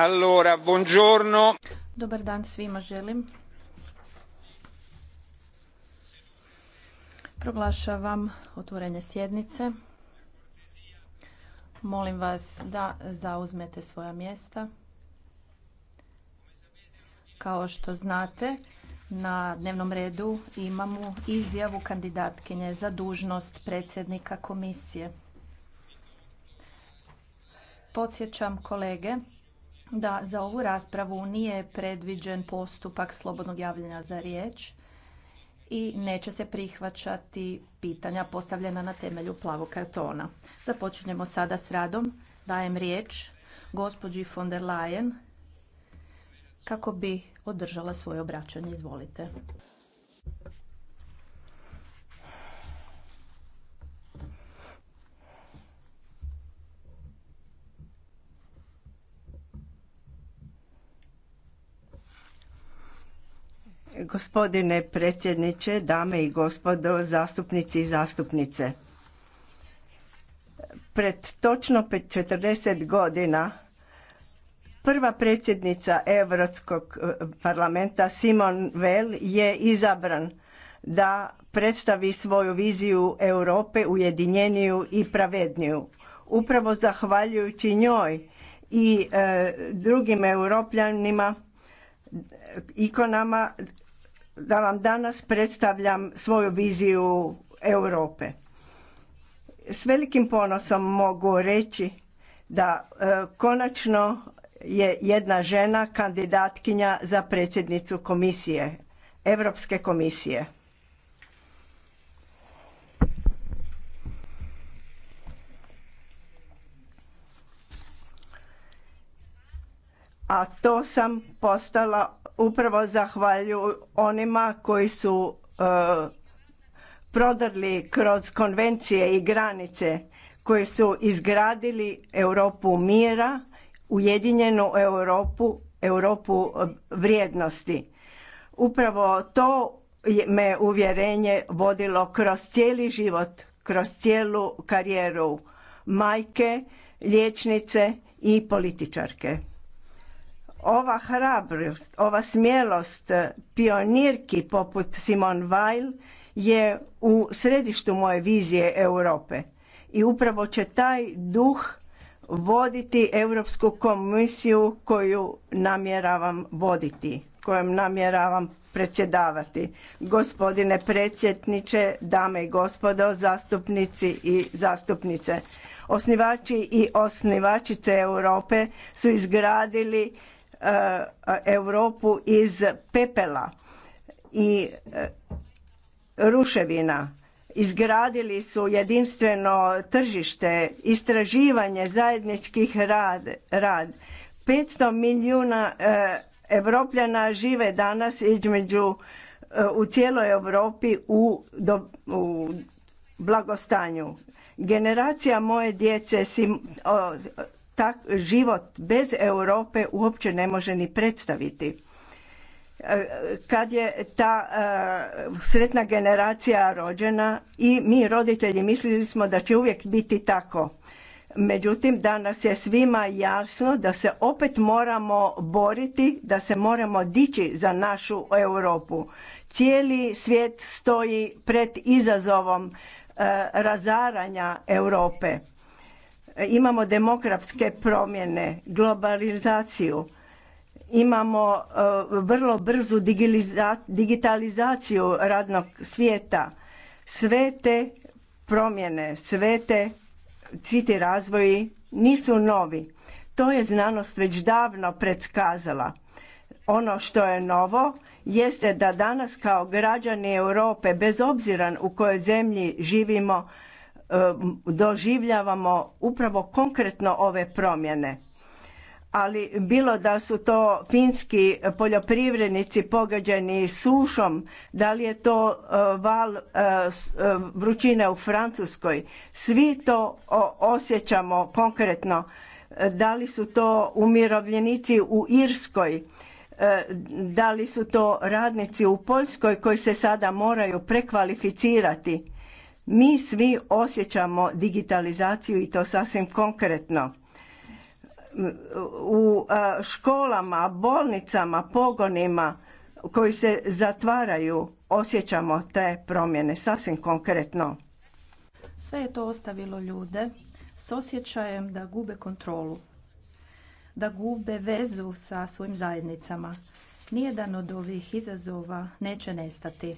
Allora, buongiorno. Dobar dan svima želim. Proglašavam otvorenje sjednice. Molim vas da zauzmete svoja mjesta. Kao što znate, na dnevnom redu imamo izjavu kandidatkinje za dužnost predsjednika komisije. Podsjećam kolege da za ovu raspravu nije predviđen postupak slobodnog javljanja za riječ i neće se prihvaćati pitanja postavljena na temelju plavog kartona. Započinjemo sada s radom. Dajem riječ gospođi von der Leyen kako bi održala svoje obraćanje. Izvolite. Gospodine predsjedniče, dame i gospodo, zastupnici i zastupnice. Pred točno 40 godina prva predsjednica Europskog eh, parlamenta Simon Weil je izabran da predstavi svoju viziju Europe ujedinjeniju i pravedniju. Upravo zahvaljujući njoj i eh, drugim europljanima ikonama da vam danas predstavljam svoju viziju Europe. S velikim ponosom mogu reći da e, konačno je jedna žena kandidatkinja za predsjednicu komisije, Europske komisije. a to sam postala upravo zahvalju onima koji su e, prodrli kroz konvencije i granice koji su izgradili Europu mira, ujedinjenu Europu, Europu vrijednosti. Upravo to me uvjerenje vodilo kroz cijeli život, kroz cijelu karijeru majke, liječnice i političarke. Ova hrabrost, ova smjelost e, pionirki poput Simon Weil je u središtu moje vizije Europe. I upravo će taj duh voditi Europsku komisiju koju namjeravam voditi, kojom namjeravam predsjedavati. Gospodine predsjedniče, dame i gospodo, zastupnici i zastupnice. Osnivači i osnivačice Europe su izgradili Eh, Europu iz pepela i eh, ruševina. Izgradili su jedinstveno tržište, istraživanje zajedničkih rad. rad. 500 milijuna eh, Evropljana žive danas između u cijeloj Europi u, do, u blagostanju. Generacija moje djece si, tak život bez Europe uopće ne može ni predstaviti. E, kad je ta e, sretna generacija rođena i mi roditelji mislili smo da će uvijek biti tako. Međutim, danas je svima jasno da se opet moramo boriti, da se moramo dići za našu Europu. Cijeli svijet stoji pred izazovom e, razaranja Europe imamo demografske promjene, globalizaciju, imamo e, vrlo brzu digitalizaciju radnog svijeta. Sve te promjene, sve te, svi razvoji nisu novi. To je znanost već davno predskazala. Ono što je novo jeste da danas kao građani Europe, bez obzira u kojoj zemlji živimo, E, doživljavamo upravo konkretno ove promjene ali bilo da su to finski poljoprivrednici pogađeni sušom, da li je to e, val e, vrućine u Francuskoj, svi to osjećamo konkretno. Da li su to umirovljenici u Irskoj, da li su to radnici u Poljskoj koji se sada moraju prekvalificirati mi svi osjećamo digitalizaciju i to sasvim konkretno. U školama, bolnicama, pogonima koji se zatvaraju osjećamo te promjene sasvim konkretno. Sve je to ostavilo ljude s osjećajem da gube kontrolu, da gube vezu sa svojim zajednicama. Nijedan od ovih izazova neće nestati.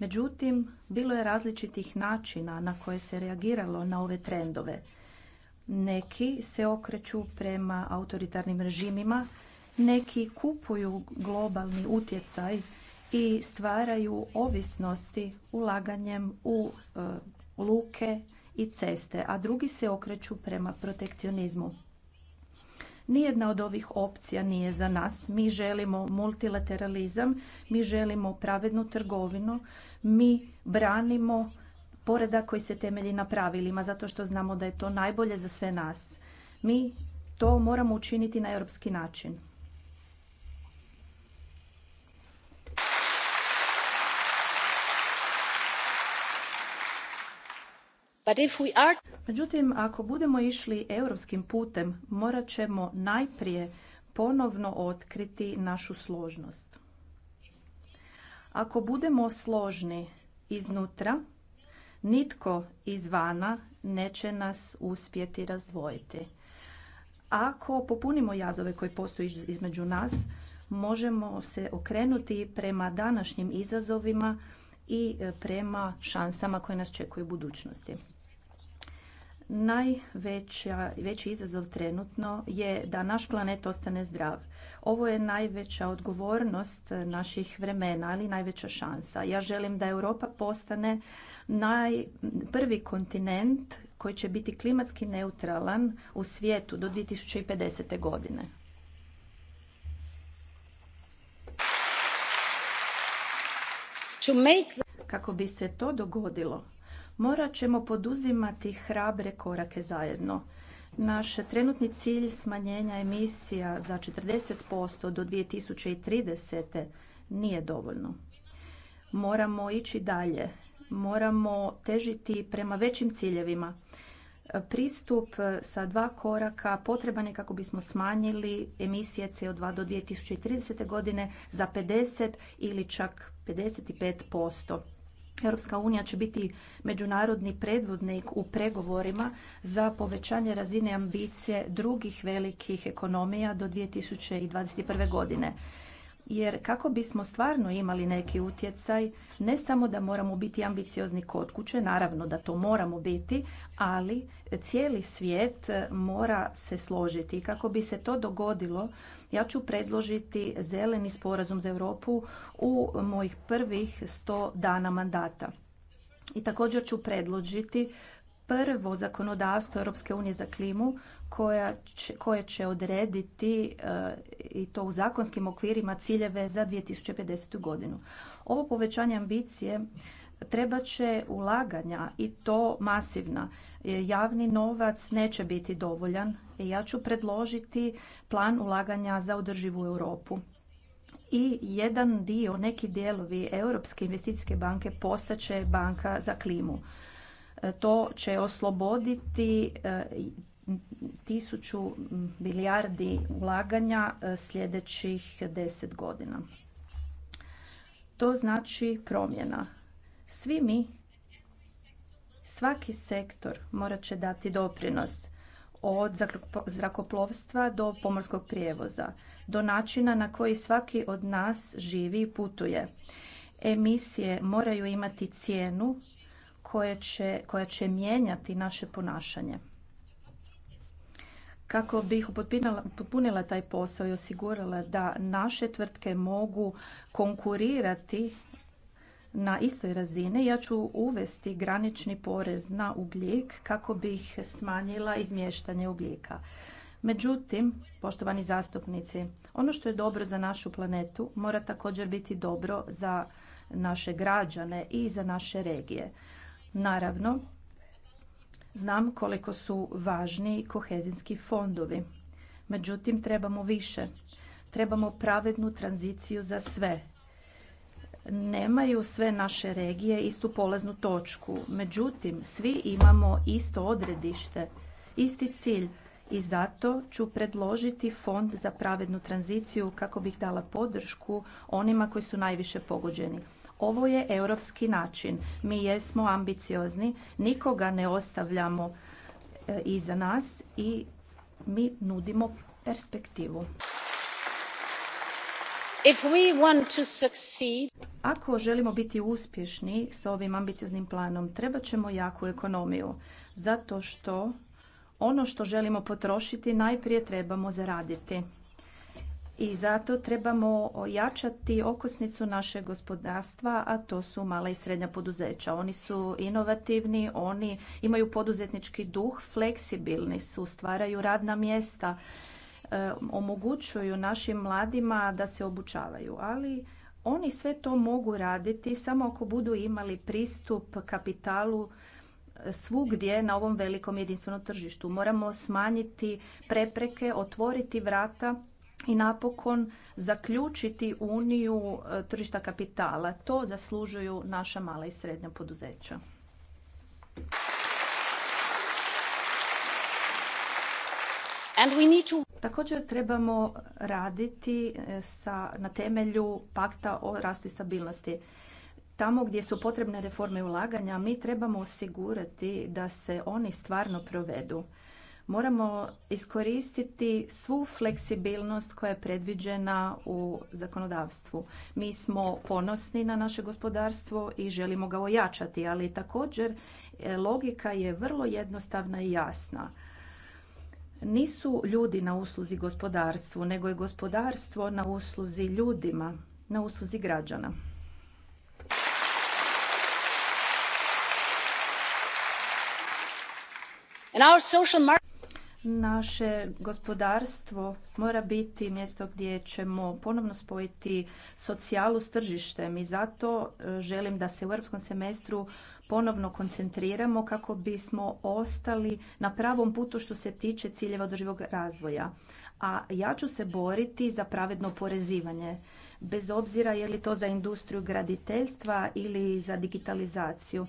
Međutim, bilo je različitih načina na koje se reagiralo na ove trendove. Neki se okreću prema autoritarnim režimima, neki kupuju globalni utjecaj i stvaraju ovisnosti ulaganjem u e, luke i ceste, a drugi se okreću prema protekcionizmu. Nijedna od ovih opcija nije za nas. Mi želimo multilateralizam, mi želimo pravednu trgovinu, mi branimo poredak koji se temelji na pravilima zato što znamo da je to najbolje za sve nas. Mi to moramo učiniti na europski način. Međutim, ako budemo išli europskim putem, morat ćemo najprije ponovno otkriti našu složnost. Ako budemo složni iznutra, nitko izvana neće nas uspjeti razdvojiti. Ako popunimo jazove koji postoji između nas, možemo se okrenuti prema današnjim izazovima i e, prema šansama koje nas čekaju u budućnosti. Najveći izazov trenutno je da naš planet ostane zdrav. Ovo je najveća odgovornost naših vremena, ali najveća šansa. Ja želim da Europa postane naj, prvi kontinent koji će biti klimatski neutralan u svijetu do 2050. godine. Kako bi se to dogodilo, Morat ćemo poduzimati hrabre korake zajedno. Naš trenutni cilj smanjenja emisija za 40% do 2030. nije dovoljno. Moramo ići dalje, moramo težiti prema većim ciljevima. Pristup sa dva koraka potreban je kako bismo smanjili emisije CO2 do 2030. godine za 50 ili čak 55%. Europska unija će biti međunarodni predvodnik u pregovorima za povećanje razine ambicije drugih velikih ekonomija do 2021. godine jer kako bismo stvarno imali neki utjecaj, ne samo da moramo biti ambiciozni kod kuće, naravno da to moramo biti, ali cijeli svijet mora se složiti. I kako bi se to dogodilo, ja ću predložiti zeleni sporazum za Europu u mojih prvih sto dana mandata. I također ću predložiti prvo zakonodavstvo Europske unije za klimu koja će, koje će odrediti eh, i to u zakonskim okvirima ciljeve za 2050. godinu. Ovo povećanje ambicije treba će ulaganja i to masivna. Eh, javni novac neće biti dovoljan. Eh, ja ću predložiti plan ulaganja za održivu Europu i jedan dio, neki dijelovi Europske investicijske banke postaće banka za klimu. To će osloboditi tisuću milijardi ulaganja e, sljedećih deset godina. To znači promjena. Svi mi, svaki sektor morat će dati doprinos od zrakoplovstva do pomorskog prijevoza, do načina na koji svaki od nas živi i putuje. Emisije moraju imati cijenu koja će mijenjati naše ponašanje kako bih potpunila taj posao i osigurala da naše tvrtke mogu konkurirati na istoj razini ja ću uvesti granični porez na ugljik kako bih smanjila izmještanje ugljika. Međutim, poštovani zastupnici, ono što je dobro za našu planetu mora također biti dobro za naše građane i za naše regije. Naravno, Znam koliko su važni kohezijski fondovi. Međutim, trebamo više. Trebamo pravednu tranziciju za sve. Nemaju sve naše regije istu polaznu točku. Međutim, svi imamo isto odredište, isti cilj i zato ću predložiti fond za pravednu tranziciju kako bih dala podršku onima koji su najviše pogođeni. Ovo je europski način. Mi jesmo ambiciozni, nikoga ne ostavljamo e, iza nas i mi nudimo perspektivu. Ako želimo biti uspješni s ovim ambicioznim planom, trebat ćemo jaku ekonomiju, zato što ono što želimo potrošiti najprije trebamo zaraditi i zato trebamo ojačati okosnicu našeg gospodarstva, a to su mala i srednja poduzeća. Oni su inovativni, oni imaju poduzetnički duh, fleksibilni su, stvaraju radna mjesta, e, omogućuju našim mladima da se obučavaju, ali oni sve to mogu raditi samo ako budu imali pristup kapitalu e, svugdje na ovom velikom jedinstvenom tržištu. Moramo smanjiti prepreke, otvoriti vrata i napokon zaključiti uniju e, tržišta kapitala. To zaslužuju naša mala i srednja poduzeća. Također trebamo raditi e, sa, na temelju pakta o rastu i stabilnosti. Tamo gdje su potrebne reforme ulaganja, mi trebamo osigurati da se oni stvarno provedu moramo iskoristiti svu fleksibilnost koja je predviđena u zakonodavstvu. Mi smo ponosni na naše gospodarstvo i želimo ga ojačati, ali također e, logika je vrlo jednostavna i jasna. Nisu ljudi na usluzi gospodarstvu, nego je gospodarstvo na usluzi ljudima, na usluzi građana. And our social Naše gospodarstvo mora biti mjesto gdje ćemo ponovno spojiti socijalu s tržištem i zato e, želim da se u europskom semestru ponovno koncentriramo kako bismo ostali na pravom putu što se tiče ciljeva održivog razvoja. A ja ću se boriti za pravedno porezivanje, bez obzira je li to za industriju graditeljstva ili za digitalizaciju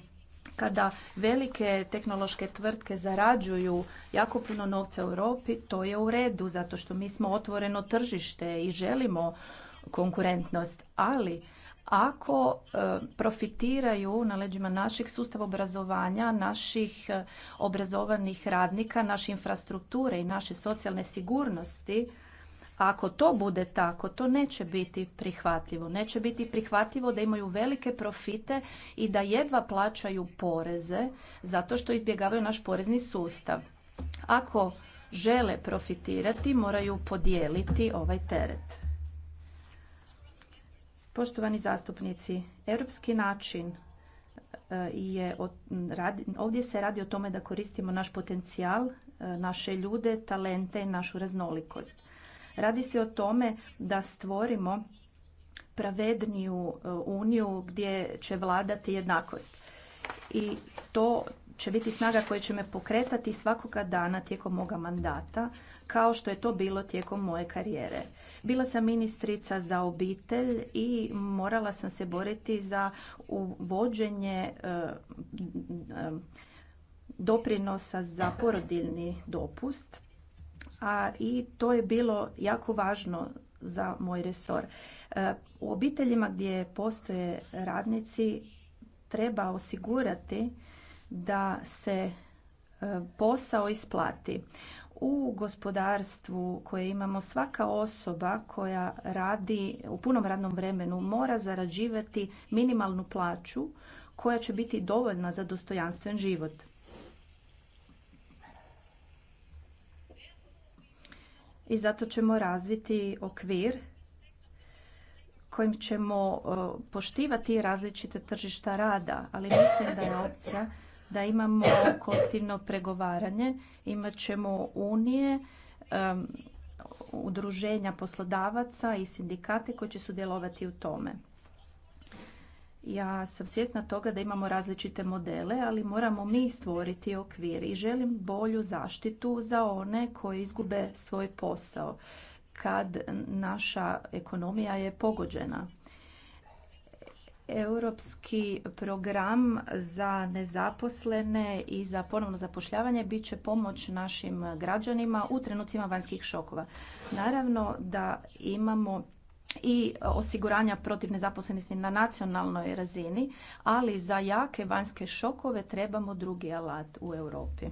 kada velike tehnološke tvrtke zarađuju jako puno novca u Europi, to je u redu zato što mi smo otvoreno tržište i želimo konkurentnost, ali ako e, profitiraju na leđima naših sustava obrazovanja, naših e, obrazovanih radnika, naše infrastrukture i naše socijalne sigurnosti, ako to bude tako, to neće biti prihvatljivo. Neće biti prihvatljivo da imaju velike profite i da jedva plaćaju poreze zato što izbjegavaju naš porezni sustav. Ako žele profitirati, moraju podijeliti ovaj teret. Poštovani zastupnici, europski način e, je ovdje se radi o tome da koristimo naš potencijal, e, naše ljude, talente i našu raznolikost. Radi se o tome da stvorimo pravedniju e, uniju gdje će vladati jednakost. I to će biti snaga koja će me pokretati svakoga dana tijekom moga mandata, kao što je to bilo tijekom moje karijere. Bila sam ministrica za obitelj i morala sam se boriti za uvođenje e, e, doprinosa za porodiljni dopust a i to je bilo jako važno za moj resor. E, u obiteljima gdje postoje radnici treba osigurati da se e, posao isplati. U gospodarstvu koje imamo svaka osoba koja radi u punom radnom vremenu mora zarađivati minimalnu plaću koja će biti dovoljna za dostojanstven život. i zato ćemo razviti okvir kojim ćemo e, poštivati različite tržišta rada, ali mislim da je opcija da imamo kolektivno pregovaranje, imat ćemo unije, e, udruženja poslodavaca i sindikate koji će sudjelovati u tome. Ja sam svjesna toga da imamo različite modele, ali moramo mi stvoriti okvir i želim bolju zaštitu za one koji izgube svoj posao kad naša ekonomija je pogođena. Europski program za nezaposlene i za ponovno zapošljavanje bit će pomoć našim građanima u trenucima vanjskih šokova. Naravno da imamo i osiguranja protiv nezaposlenosti na nacionalnoj razini, ali za jake vanjske šokove trebamo drugi alat u Europi.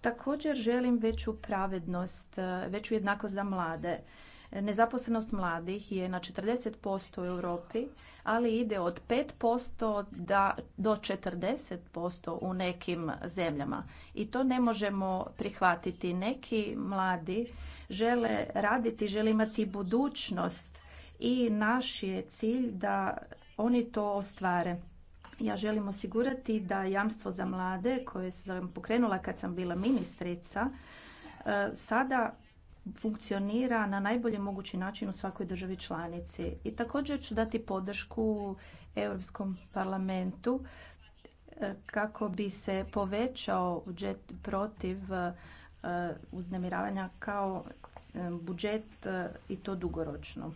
Također želim veću pravednost, veću jednakost za mlade Nezaposlenost mladih je na 40% u Europi, ali ide od 5% do 40% u nekim zemljama. I to ne možemo prihvatiti. Neki mladi žele raditi, žele imati budućnost i naš je cilj da oni to ostvare. Ja želim osigurati da jamstvo za mlade koje sam pokrenula kad sam bila ministrica e, sada funkcionira na najbolji mogući način u svakoj državi članici. I također ću dati podršku Europskom parlamentu e, kako bi se povećao budžet protiv e, uznemiravanja kao e, budžet i to dugoročno.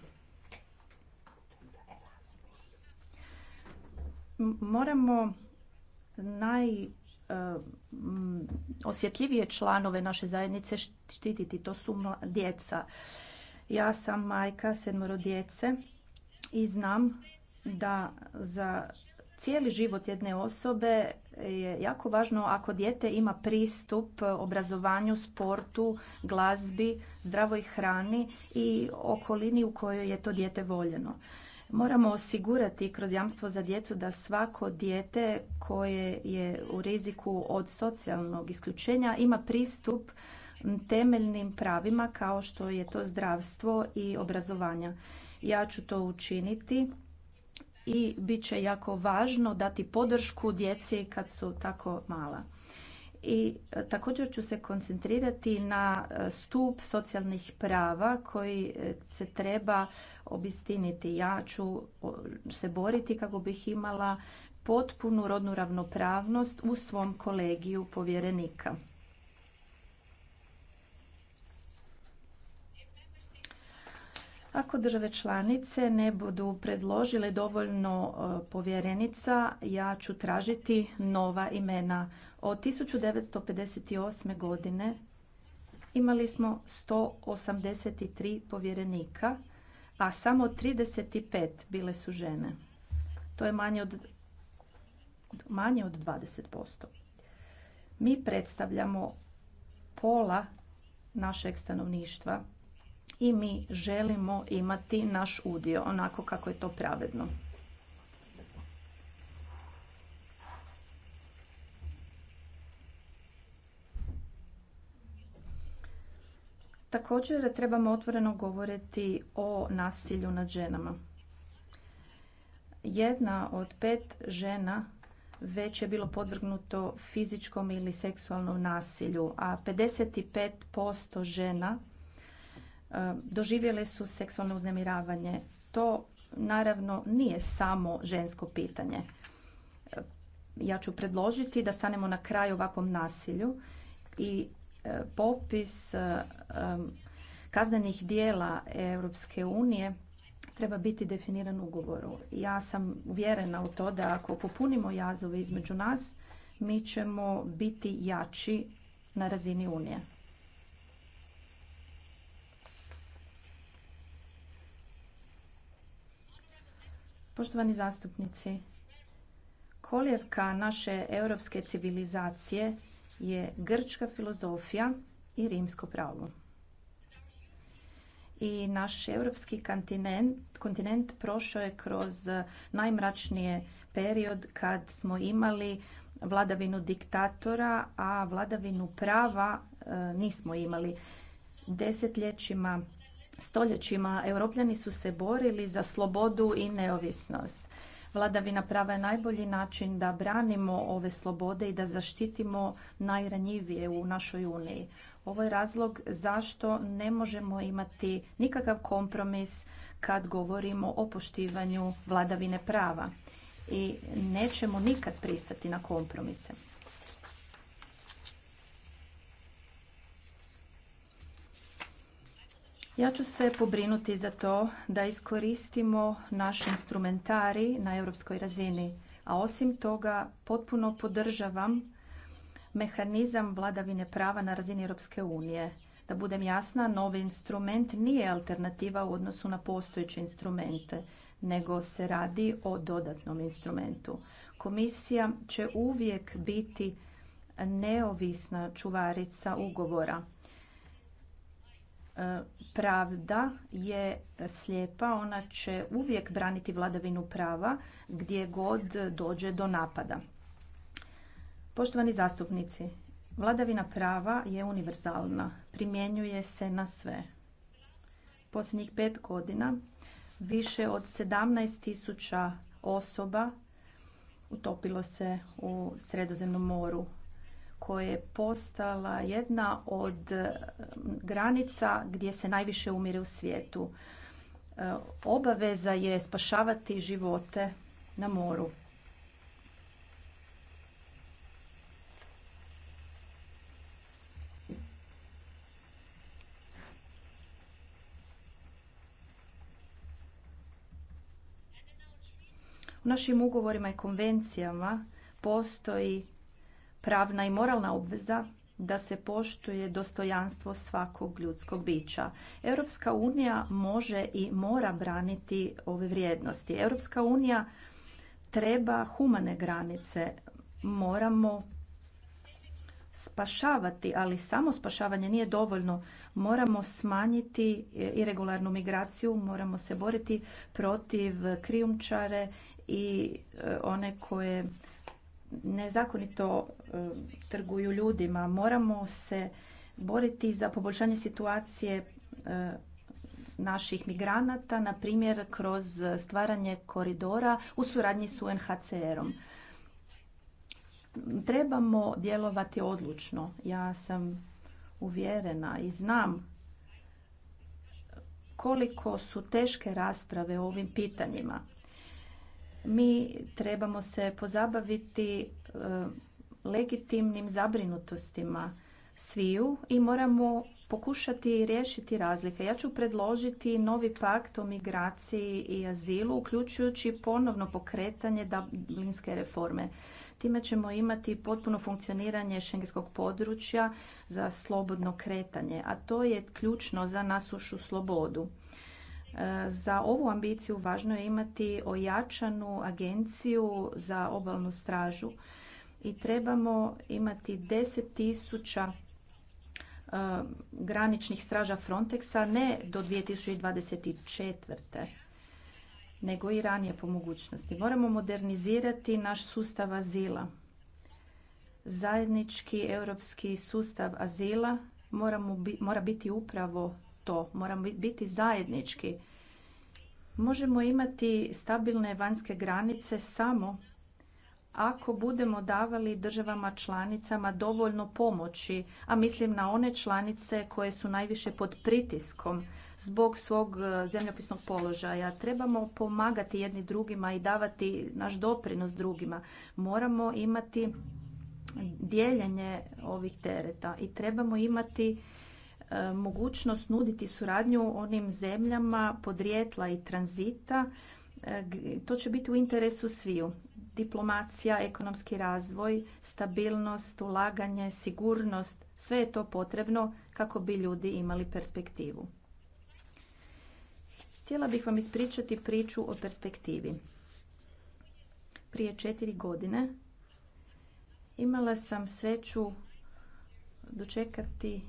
Moramo naj Eh, osjetljivije članove naše zajednice štititi. To su djeca. Ja sam majka sedmoro djece i znam da za cijeli život jedne osobe je jako važno ako dijete ima pristup obrazovanju, sportu, glazbi, zdravoj hrani i okolini u kojoj je to dijete voljeno. Moramo osigurati kroz jamstvo za djecu da svako dijete koje je u riziku od socijalnog isključenja ima pristup temeljnim pravima kao što je to zdravstvo i obrazovanja. Ja ću to učiniti i bit će jako važno dati podršku djeci kad su tako mala i e, također ću se koncentrirati na e, stup socijalnih prava koji e, se treba obistiniti. Ja ću se boriti kako bih imala potpunu rodnu ravnopravnost u svom kolegiju povjerenika. Ako države članice ne budu predložile dovoljno povjerenica, ja ću tražiti nova imena. Od 1958. godine imali smo 183 povjerenika, a samo 35 bile su žene. To je manje od, manje posto 20%. Mi predstavljamo pola našeg stanovništva i mi želimo imati naš udio onako kako je to pravedno. Također trebamo otvoreno govoriti o nasilju nad ženama. Jedna od pet žena već je bilo podvrgnuto fizičkom ili seksualnom nasilju, a 55% žena e, doživjele su seksualno uznemiravanje. To naravno nije samo žensko pitanje. E, ja ću predložiti da stanemo na kraj ovakvom nasilju i popis eh, kaznenih dijela Europske unije treba biti definiran ugovoru. Ja sam uvjerena u to da ako popunimo jazove između nas, mi ćemo biti jači na razini unije. Poštovani zastupnici, koljevka naše europske civilizacije je grčka filozofija i rimsko pravo. I naš europski kontinent, kontinent prošao je kroz najmračnije period kad smo imali vladavinu diktatora, a vladavinu prava e, nismo imali. Desetljećima, stoljećima europljani su se borili za slobodu i neovisnost Vladavina prava je najbolji način da branimo ove slobode i da zaštitimo najranjivije u našoj Uniji. Ovo je razlog zašto ne možemo imati nikakav kompromis kad govorimo o poštivanju vladavine prava i nećemo nikad pristati na kompromise. Ja ću se pobrinuti za to da iskoristimo naš instrumentari na europskoj razini, a osim toga potpuno podržavam mehanizam vladavine prava na razini Europske unije. Da budem jasna, novi instrument nije alternativa u odnosu na postojeće instrumente, nego se radi o dodatnom instrumentu. Komisija će uvijek biti neovisna čuvarica ugovora E, pravda je slijepa, ona će uvijek braniti vladavinu prava gdje god dođe do napada. Poštovani zastupnici, vladavina prava je univerzalna, primjenjuje se na sve. Posljednjih pet godina više od 17.000 osoba utopilo se u Sredozemnom moru koja je postala jedna od eh, granica gdje se najviše umire u svijetu. Eh, obaveza je spašavati živote na moru. U našim ugovorima i konvencijama postoji pravna i moralna obveza da se poštuje dostojanstvo svakog ljudskog bića. Europska unija može i mora braniti ove vrijednosti. Europska unija treba humane granice. Moramo spašavati, ali samo spašavanje nije dovoljno. Moramo smanjiti irregularnu migraciju, moramo se boriti protiv krijumčare i e, one koje nezakonito e, trguju ljudima. Moramo se boriti za poboljšanje situacije e, naših migranata, na primjer kroz stvaranje koridora u suradnji s UNHCR-om. Trebamo djelovati odlučno. Ja sam uvjerena i znam koliko su teške rasprave o ovim pitanjima mi trebamo se pozabaviti e, legitimnim zabrinutostima sviju i moramo pokušati riješiti razlike. Ja ću predložiti novi pakt o migraciji i azilu, uključujući ponovno pokretanje Dublinske reforme. Time ćemo imati potpuno funkcioniranje šengenskog područja za slobodno kretanje, a to je ključno za nasušu slobodu. Za ovu ambiciju važno je imati ojačanu agenciju za obalnu stražu i trebamo imati 10.000 e, graničnih straža Frontexa ne do 2024 nego i ranije po mogućnosti. Moramo modernizirati naš sustav azila. Zajednički europski sustav azila mora biti upravo to biti zajednički. Možemo imati stabilne vanjske granice samo ako budemo davali državama članicama dovoljno pomoći, a mislim na one članice koje su najviše pod pritiskom zbog svog e, zemljopisnog položaja. Trebamo pomagati jedni drugima i davati naš doprinos drugima. Moramo imati dijeljenje ovih tereta i trebamo imati E, mogućnost nuditi suradnju onim zemljama podrijetla i tranzita. E, to će biti u interesu sviju. Diplomacija, ekonomski razvoj, stabilnost, ulaganje, sigurnost, sve je to potrebno kako bi ljudi imali perspektivu. Htjela bih vam ispričati priču o perspektivi. Prije četiri godine imala sam sreću dočekati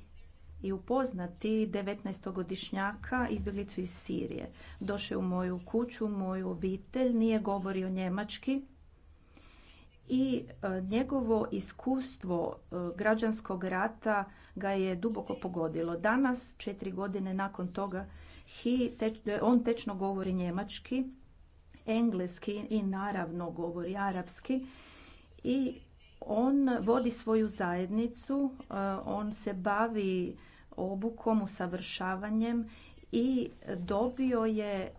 i upoznati 19-godišnjaka, izbjeglicu iz Sirije. Došao je u moju kuću, moju obitelj, nije govorio njemački i e, njegovo iskustvo e, građanskog rata ga je duboko pogodilo. Danas, četiri godine nakon toga, e, on tečno govori njemački, engleski i naravno govori arapski i on vodi svoju zajednicu, e, on se bavi obukom, usavršavanjem i dobio je e,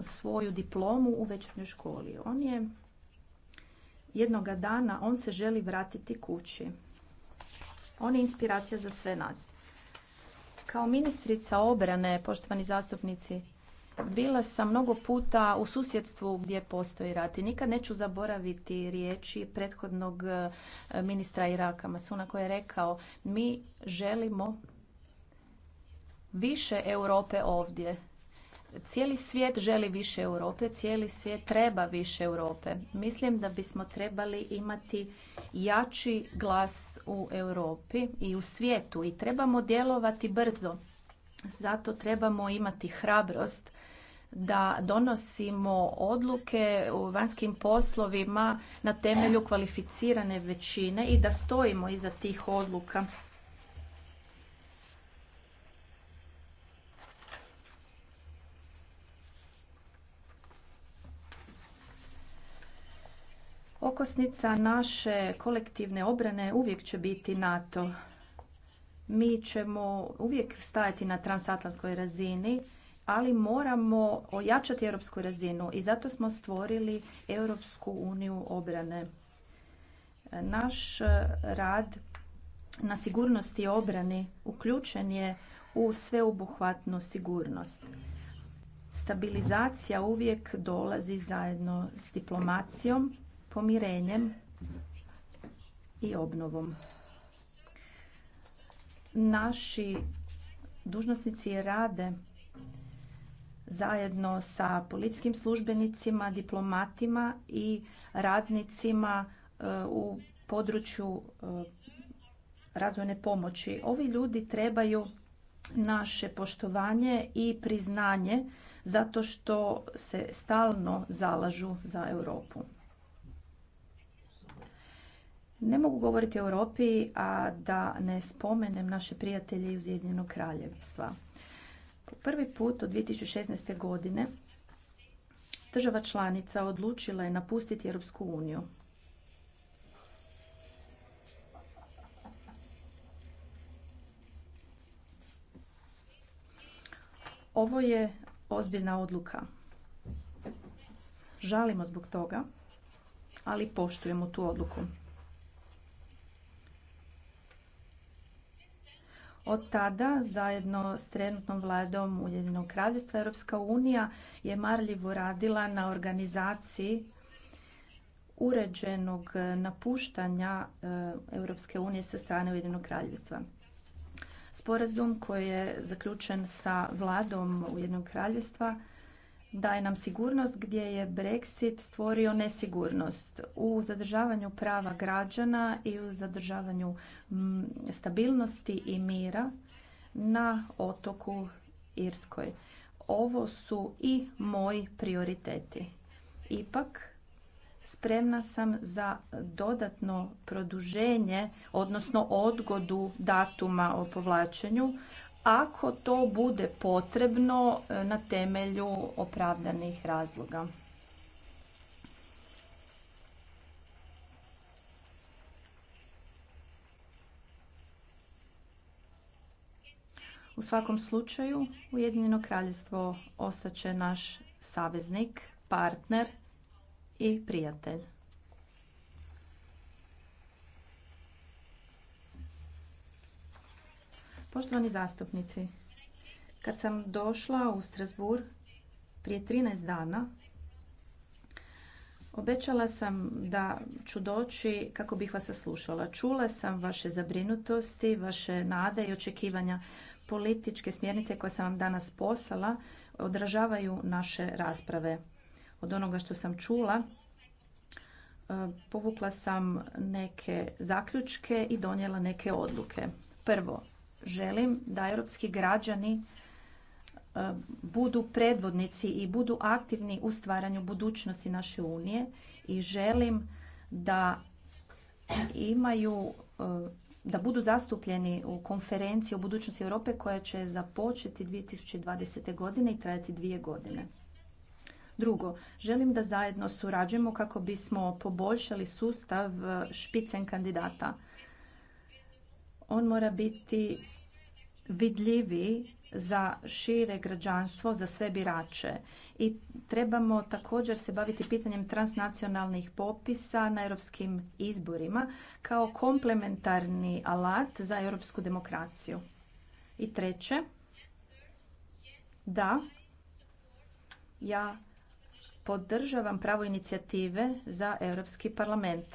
svoju diplomu u večernjoj školi. On je jednoga dana, on se želi vratiti kući. On je inspiracija za sve nas. Kao ministrica obrane, poštovani zastupnici, bila sam mnogo puta u susjedstvu gdje postoji rat i nikad neću zaboraviti riječi prethodnog e, ministra Iraka Masuna koji je rekao mi želimo više Europe ovdje. Cijeli svijet želi više Europe, cijeli svijet treba više Europe. Mislim da bismo trebali imati jači glas u Europi i u svijetu i trebamo djelovati brzo. Zato trebamo imati hrabrost da donosimo odluke u vanjskim poslovima na temelju kvalificirane većine i da stojimo iza tih odluka. Okosnica naše kolektivne obrane uvijek će biti NATO. Mi ćemo uvijek stajati na transatlantskoj razini ali moramo ojačati europsku razinu i zato smo stvorili Europsku uniju obrane. Naš rad na sigurnosti i obrani uključen je u sveobuhvatnu sigurnost. Stabilizacija uvijek dolazi zajedno s diplomacijom, pomirenjem i obnovom. Naši dužnosnici rade zajedno sa policijskim službenicima, diplomatima i radnicima e, u području e, razvojne pomoći. Ovi ljudi trebaju naše poštovanje i priznanje zato što se stalno zalažu za Europu. Ne mogu govoriti o Europi, a da ne spomenem naše prijatelje iz Ujedinjenog kraljevstva prvi put od 2016. godine država članica odlučila je napustiti Europsku uniju. Ovo je ozbiljna odluka. Žalimo zbog toga, ali poštujemo tu odluku. Od tada, zajedno s trenutnom vladom Ujedinjenog kraljevstva, Europska unija je marljivo radila na organizaciji uređenog napuštanja e, Europske unije sa strane Ujedinjenog kraljevstva. Sporazum koji je zaključen sa vladom Ujedinjenog kraljevstva daje nam sigurnost gdje je Brexit stvorio nesigurnost u zadržavanju prava građana i u zadržavanju mm, stabilnosti i mira na otoku Irskoj. Ovo su i moji prioriteti. Ipak, spremna sam za dodatno produženje, odnosno odgodu datuma o povlačenju ako to bude potrebno e, na temelju opravdanih razloga. U svakom slučaju Ujedinjeno kraljevstvo ostaće naš saveznik, partner i prijatelj. Poštovani zastupnici, kad sam došla u Strasbur prije 13 dana, obećala sam da ću doći kako bih vas saslušala. Čula sam vaše zabrinutosti, vaše nade i očekivanja. Političke smjernice koje sam vam danas poslala odražavaju naše rasprave. Od onoga što sam čula, e, povukla sam neke zaključke i donijela neke odluke. Prvo, želim da europski građani e, budu predvodnici i budu aktivni u stvaranju budućnosti naše unije i želim da imaju e, da budu zastupljeni u konferenciji o budućnosti Europe koja će započeti 2020. godine i trajati dvije godine. Drugo, želim da zajedno surađujemo kako bismo poboljšali sustav e, špicen kandidata on mora biti vidljiviji za šire građanstvo, za sve birače. I trebamo također se baviti pitanjem transnacionalnih popisa na europskim izborima kao komplementarni alat za europsku demokraciju. I treće, da, ja podržavam pravo inicijative za Europski parlament.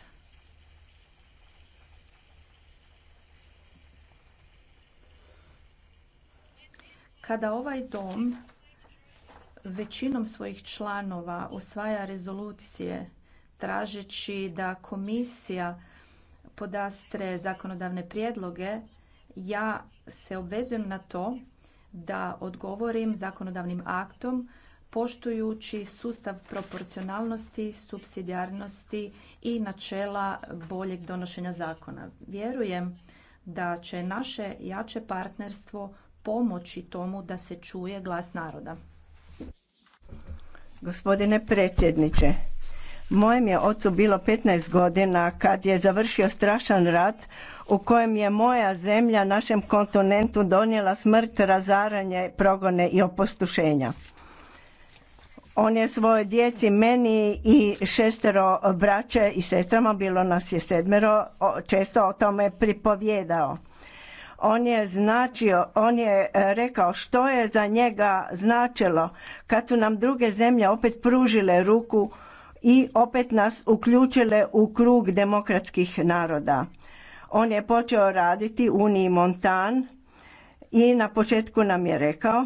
Kada ovaj dom većinom svojih članova usvaja rezolucije tražeći da komisija podastre zakonodavne prijedloge, ja se obvezujem na to da odgovorim zakonodavnim aktom poštujući sustav proporcionalnosti, subsidijarnosti i načela boljeg donošenja zakona. Vjerujem da će naše jače partnerstvo pomoći tomu da se čuje glas naroda. Gospodine predsjedniče, mojem je ocu bilo 15 godina kad je završio strašan rat u kojem je moja zemlja našem kontinentu donijela smrt, razaranje, progone i opustušenja. On je svoje djeci, meni i šestero braće i sestrama, bilo nas je sedmero, često o tome pripovjedao. On je značio, on je e, rekao što je za njega značilo kad su nam druge zemlje opet pružile ruku i opet nas uključile u krug demokratskih naroda. On je počeo raditi u Uniji Montan i na početku nam je rekao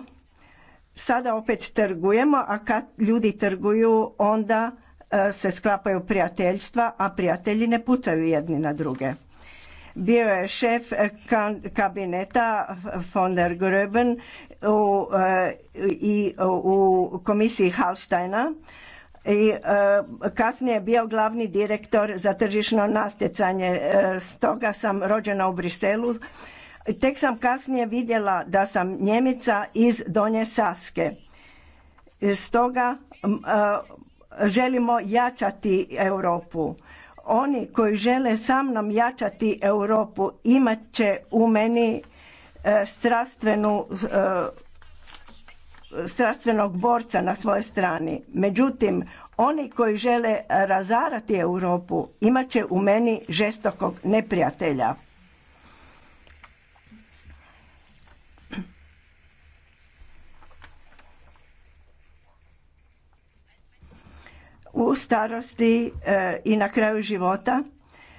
sada opet trgujemo, a kad ljudi trguju onda e, se sklapaju prijateljstva, a prijatelji ne pucaju jedni na druge bio je šef kabineta von der Gröben u, eh, i u komisiji Halsteina i eh, kasnije je bio glavni direktor za tržišno natjecanje. Eh, stoga sam rođena u Briselu. Tek sam kasnije vidjela da sam Njemica iz Donje Saske. Stoga želimo jačati Europu. Oni koji žele sa mnom jačati Europu imat će u meni e, strastvenu e, strastvenog borca na svojoj strani. Međutim, oni koji žele razarati Europu imat će u meni žestokog neprijatelja. u starosti e, i na kraju života,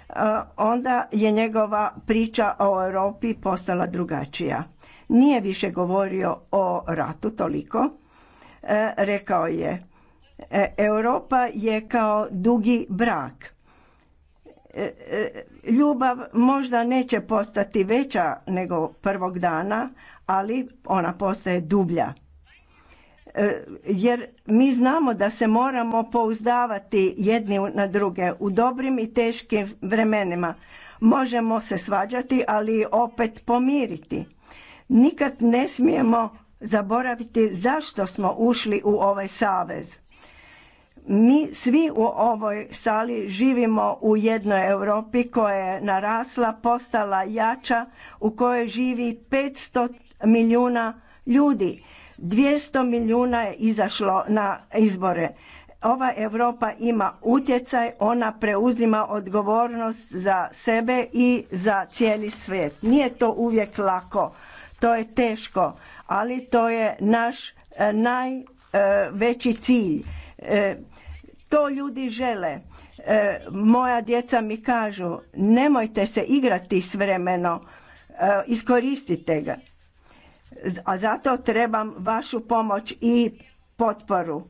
e, onda je njegova priča o Europi postala drugačija. Nije više govorio o ratu toliko, e, rekao je Europa je kao dugi brak. Ljubav možda neće postati veća nego prvog dana, ali ona postaje dublja. E, jer mi znamo da se moramo pouzdavati jedni na druge u dobrim i teškim vremenima. Možemo se svađati, ali opet pomiriti. Nikad ne smijemo zaboraviti zašto smo ušli u ovaj savez. Mi svi u ovoj sali živimo u jednoj Europi koja je narasla, postala jača, u kojoj živi 500 milijuna ljudi 200 milijuna je izašlo na izbore. Ova Europa ima utjecaj, ona preuzima odgovornost za sebe i za cijeli svijet. Nije to uvijek lako, to je teško, ali to je naš e, najveći e, cilj. E, to ljudi žele. Moja djeca mi kažu, nemojte se igrati s vremeno, iskoristite ga a zato trebam vašu pomoć i potporu.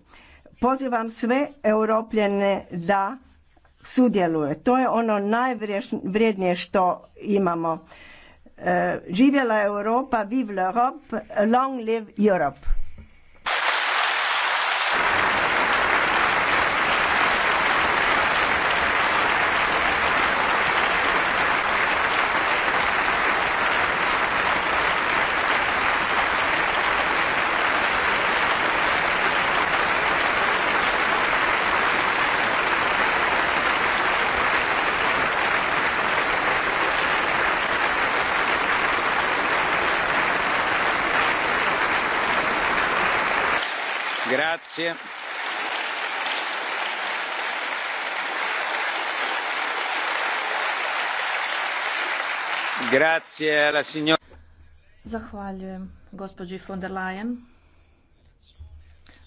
Pozivam sve europljene da sudjeluje. To je ono najvrijednije što imamo. E, živjela Europa, vive l'Europe, long live Europe. Grazie. Grazie alla Zahvaljujem gospođi von der Leyen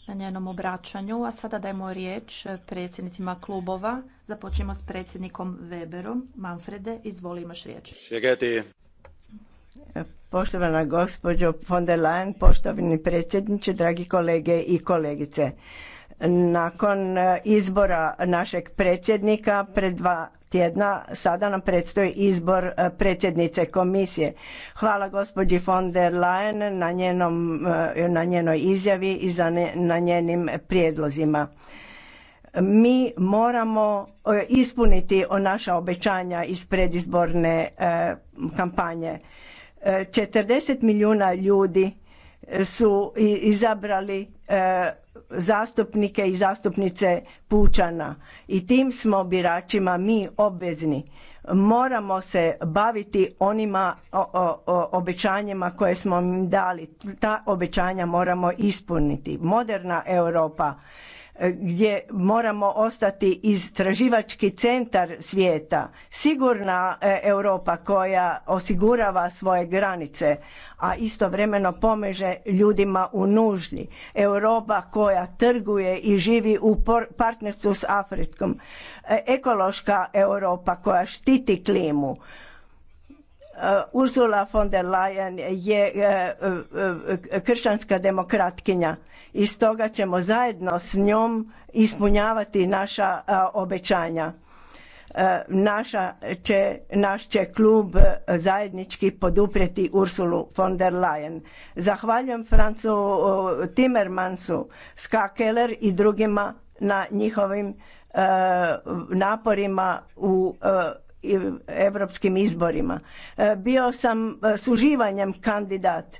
na njenom obraćanju. A sada dajemo riječ predsjednicima klubova. Započnemo s predsjednikom Weberom. Manfrede, izvoli imaš Poštovana gospođo von der Leyen, poštovani predsjedniče, dragi kolege i kolegice. Nakon eh, izbora našeg predsjednika pred dva tjedna sada nam predstoji izbor eh, predsjednice komisije. Hvala gospođi von der Leyen na, njenom, eh, na njenoj izjavi i za na njenim prijedlozima. Mi moramo ispuniti naša obećanja iz predizborne kampanje 40 milijuna ljudi e, su izabrali e, zastupnike i zastupnice pučana i tim smo biračima mi obvezni moramo se baviti onima obećanjima koje smo im dali ta obećanja moramo ispuniti moderna europa gdje moramo ostati istraživački centar svijeta, sigurna e, Europa koja osigurava svoje granice, a istovremeno pomaže ljudima u nuždi, Europa koja trguje i živi u partnerstvu s Afrikom, e, ekološka Europa koja štiti klimu, Uh, Ursula von der Leyen je uh, uh, kršćanska demokratkinja i stoga ćemo zajedno s njom ispunjavati naša obećanja. Naša će, naš će klub zajednički poduprijeti Ursulu von der Leyen. Zahvaljujem Francu Timmermansu, Skakeler i drugima na njihovim naporima u europskim izborima. E, bio sam e, suživanjem kandidat. E,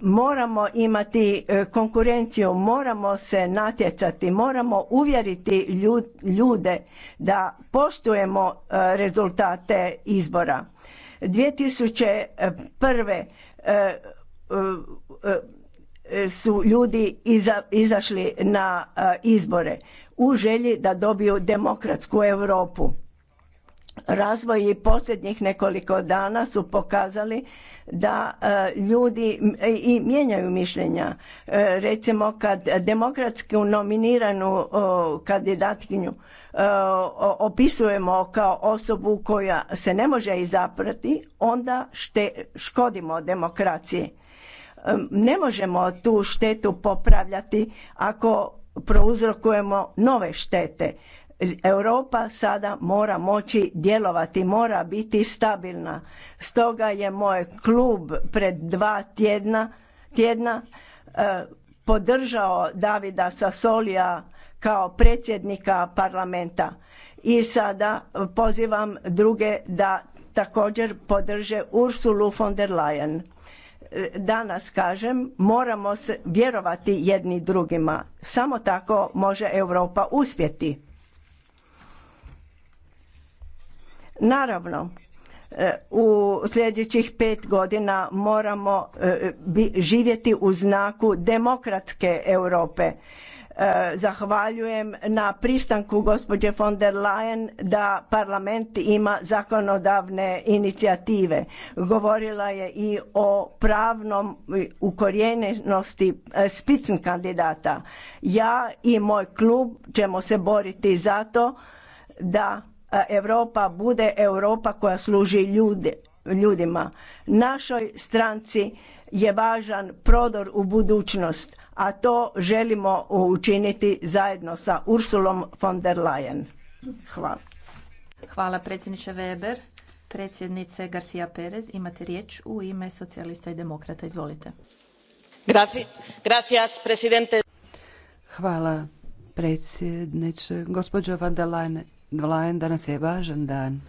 moramo imati konkurenciju, moramo se natjecati, moramo uvjeriti ljude da poštujemo rezultate izbora. 2001 su ljudi izašli na izbore u želji da dobiju demokratsku Europu razvoji posljednjih nekoliko dana su pokazali da e, ljudi e, i mijenjaju mišljenja. E, recimo kad demokratsku nominiranu kandidatkinju opisujemo kao osobu koja se ne može izaprati, onda šte, škodimo demokraciji. Ne možemo tu štetu popravljati ako prouzrokujemo nove štete Europa sada mora moći djelovati, mora biti stabilna. Stoga je moj klub pred dva tjedna, tjedna e, podržao Davida Sasolija kao predsjednika parlamenta i sada pozivam druge da također podrže Ursulu von der Leyen. E, danas kažem, moramo se vjerovati jedni drugima. Samo tako može Europa uspjeti. Naravno, e, u sljedećih pet godina moramo e, živjeti u znaku demokratske Europe. E, zahvaljujem na pristanku gospođe von der Leyen da parlament ima zakonodavne inicijative. Govorila je i o pravnom ukorijenjenosti spicn kandidata. Ja i moj klub ćemo se boriti za to da Europa bude Europa koja služi ljudi, ljudima. Našoj stranci je važan prodor u budućnost, a to želimo učiniti zajedno sa Ursulom von der Leyen. Hvala. Hvala predsjedniče Weber. Predsjednice Garcia Perez, imate riječ u ime socijalista i demokrata. Izvolite. Gracias, presidente. Hvala predsjedniče. Gospođo van der Leyen, danas je važan dan.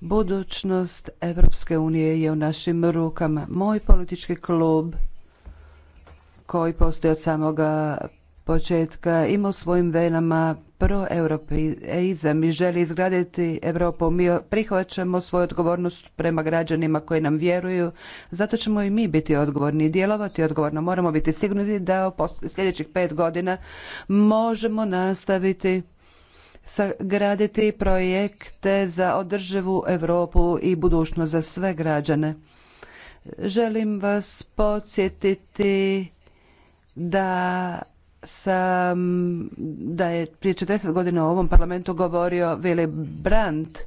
Budućnost Evropske unije je u našim rukama. Moj politički klub koji postoji od samoga početka ima u svojim venama proeuropeizam i želi izgraditi Europu. Mi prihvaćamo svoju odgovornost prema građanima koji nam vjeruju, zato ćemo i mi biti odgovorni i djelovati odgovorno. Moramo biti sigurni da u sljedećih pet godina možemo nastaviti graditi projekte za održivu Europu i budućnost za sve građane. Želim vas podsjetiti da sam da je prije 40 godina u ovom parlamentu govorio Willy Brandt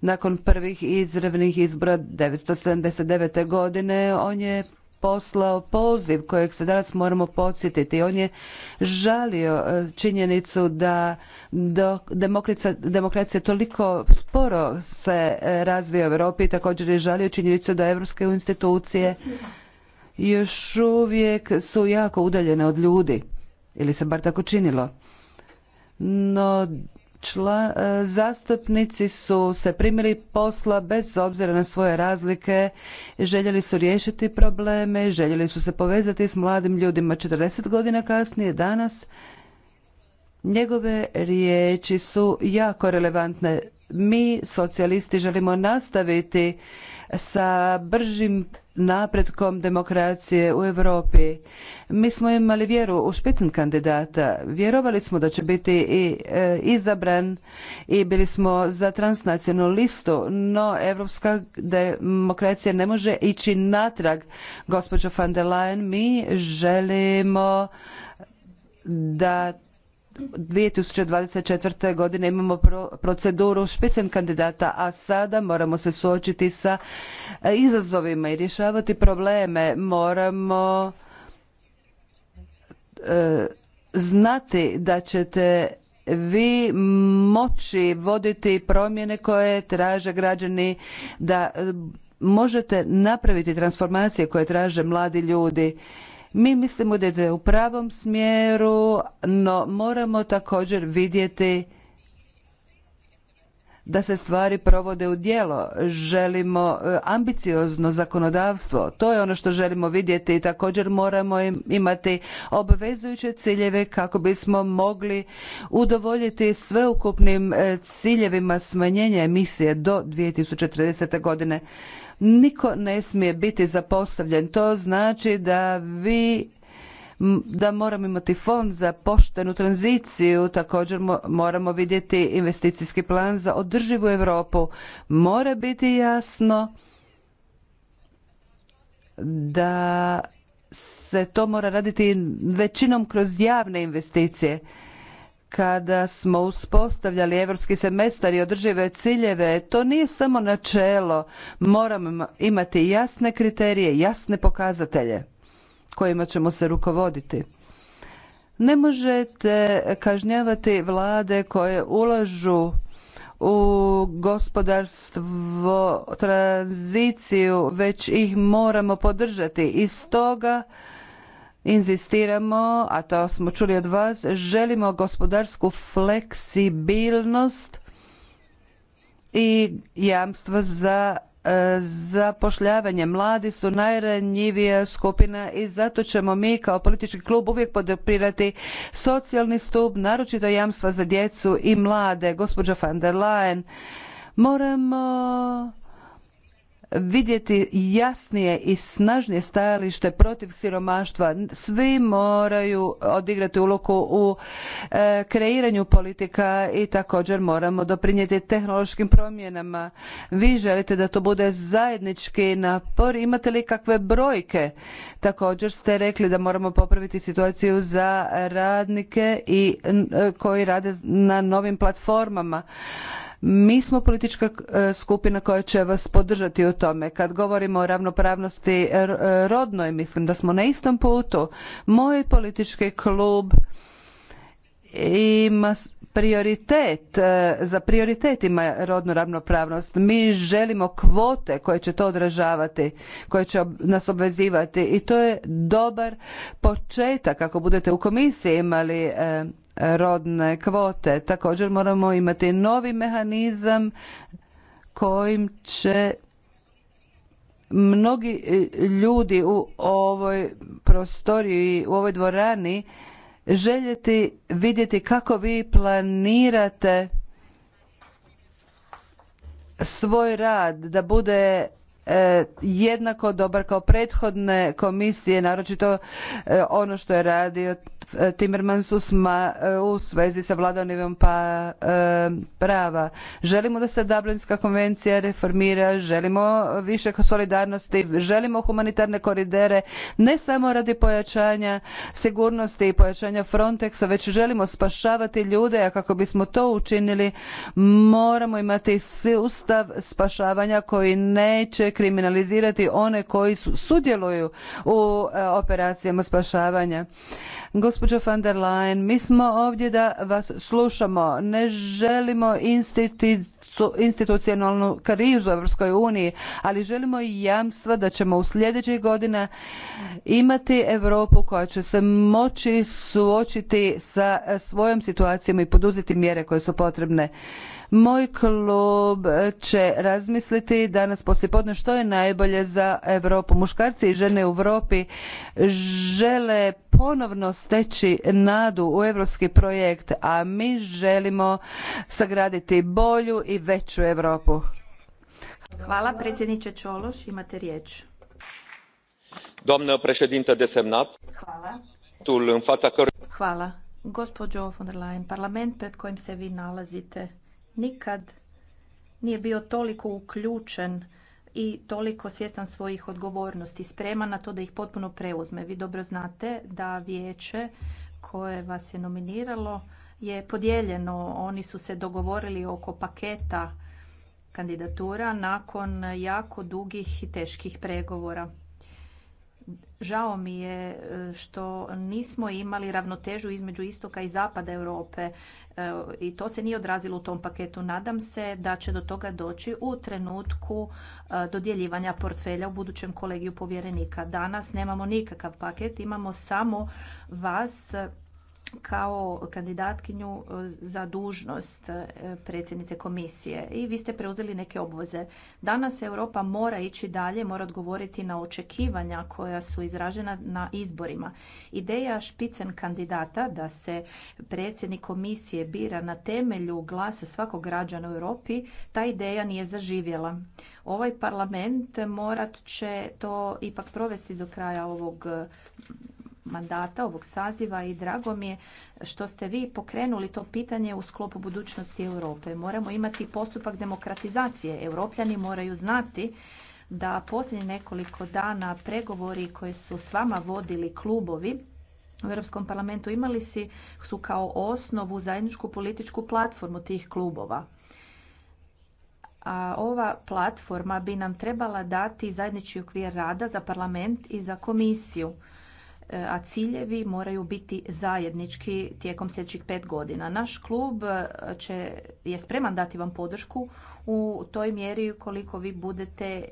nakon prvih izravnih izbora 1979. godine on je poslao poziv kojeg se danas moramo podsjetiti. On je žalio e, činjenicu da demokracija toliko sporo se e, razvija u Europi i također je žalio činjenicu da evropske institucije još uvijek su jako udaljene od ljudi ili se bar tako činilo. No, e, zastupnici su se primili posla bez obzira na svoje razlike, željeli su riješiti probleme, željeli su se povezati s mladim ljudima 40 godina kasnije, danas. Njegove riječi su jako relevantne. Mi, socijalisti, želimo nastaviti sa bržim napretkom demokracije u Europi. Mi smo imali vjeru u špicen kandidata. Vjerovali smo da će biti i e, izabran i bili smo za transnacionalnu listu, no evropska demokracija ne može ići natrag. Gospođo van der Leyen, mi želimo da 2024. godine imamo proceduru špicen kandidata, a sada moramo se suočiti sa e, izazovima i rješavati probleme. Moramo e, znati da ćete vi moći voditi promjene koje traže građani da e, možete napraviti transformacije koje traže mladi ljudi mi mislimo da je u pravom smjeru, no moramo također vidjeti da se stvari provode u djelo. Želimo e, ambiciozno zakonodavstvo. To je ono što želimo vidjeti i također moramo imati obvezujuće ciljeve kako bismo mogli udovoljiti sveukupnim e, ciljevima smanjenja emisije do 2030. godine niko ne smije biti zapostavljen. To znači da vi da moramo imati fond za poštenu tranziciju, također moramo vidjeti investicijski plan za održivu Europu. Mora biti jasno da se to mora raditi većinom kroz javne investicije kada smo uspostavljali europski semestar i održive ciljeve, to nije samo načelo. Moramo imati jasne kriterije, jasne pokazatelje kojima ćemo se rukovoditi. Ne možete kažnjavati vlade koje ulažu u gospodarstvo, tranziciju, već ih moramo podržati. I stoga inzistiramo, a to smo čuli od vas, želimo gospodarsku fleksibilnost i jamstvo za e, zapošljavanje. Mladi su najranjivija skupina i zato ćemo mi kao politički klub uvijek podopirati socijalni stup, naročito jamstva za djecu i mlade. Gospođo van der Leyen, moramo vidjeti jasnije i snažnije stajalište protiv siromaštva. Svi moraju odigrati ulogu u e, kreiranju politika i također moramo doprinijeti tehnološkim promjenama. Vi želite da to bude zajednički napor. Imate li kakve brojke? Također ste rekli da moramo popraviti situaciju za radnike i e, koji rade na novim platformama. Mi smo politička e, skupina koja će vas podržati u tome. Kad govorimo o ravnopravnosti e, e, rodnoj, mislim da smo na istom putu. Moj politički klub ima prioritet, e, za prioritetima ima rodnu ravnopravnost. Mi želimo kvote koje će to odražavati, koje će nas obvezivati i to je dobar početak ako budete u komisiji imali e, rodne kvote. Također moramo imati novi mehanizam kojim će mnogi e, ljudi u ovoj prostoriji, u ovoj dvorani željeti vidjeti kako vi planirate svoj rad da bude E, jednako dobar kao prethodne komisije, naročito e, ono što je radio e, Timmermans u svezi sa vladanivom pa prava. Želimo da se Dublinska konvencija reformira, želimo više solidarnosti, želimo humanitarne koridere, ne samo radi pojačanja sigurnosti i pojačanja Frontexa, već želimo spašavati ljude, a kako bismo to učinili moramo imati sustav spašavanja koji neće kriminalizirati one koji sudjeluju u e, operacijama spašavanja. Gospođo van der Leyen, mi smo ovdje da vas slušamo. Ne želimo institucionalnu krizu u Europskoj uniji, ali želimo i jamstva da ćemo u sljedećih godina imati Europu koja će se moći suočiti sa e, svojom situacijom i poduzeti mjere koje su potrebne. Moj klub će razmisliti danas poslijepodne što je najbolje za Europu. Muškarci i žene u Europi žele ponovno steći nadu u europski projekt, a mi želimo sagraditi bolju i veću Europu. Hvala predsjedniče Čološ, imate riječ. președinte de Hvala. Hvala. Gospođo von der Leyen, parlament pred kojim se vi nalazite nikad nije bio toliko uključen i toliko svjestan svojih odgovornosti, spreman na to da ih potpuno preuzme. Vi dobro znate da vijeće koje vas je nominiralo je podijeljeno. Oni su se dogovorili oko paketa kandidatura nakon jako dugih i teških pregovora. Žao mi je e, što nismo imali ravnotežu između istoka i zapada Europe e, i to se nije odrazilo u tom paketu. Nadam se da će do toga doći u trenutku e, dodjeljivanja portfelja u budućem kolegiju povjerenika. Danas nemamo nikakav paket, imamo samo vas kao kandidatkinju e, za dužnost e, predsjednice komisije i vi ste preuzeli neke obveze. Danas Europa mora ići dalje, mora odgovoriti na očekivanja koja su izražena na izborima. Ideja špicen kandidata da se predsjednik komisije bira na temelju glasa svakog građana u Europi, ta ideja nije zaživjela. Ovaj parlament morat će to ipak provesti do kraja ovog mandata ovog saziva i drago mi je što ste vi pokrenuli to pitanje u sklopu budućnosti Europe. Moramo imati postupak demokratizacije. Europljani moraju znati da posljednjih nekoliko dana pregovori koje su s vama vodili klubovi u Europskom parlamentu imali su kao osnovu zajedničku političku platformu tih klubova. A ova platforma bi nam trebala dati zajednički okvir rada za parlament i za komisiju. E, a ciljevi moraju biti zajednički tijekom sljedećih pet godina. Naš klub e, će, je spreman dati vam podršku u toj mjeri koliko vi budete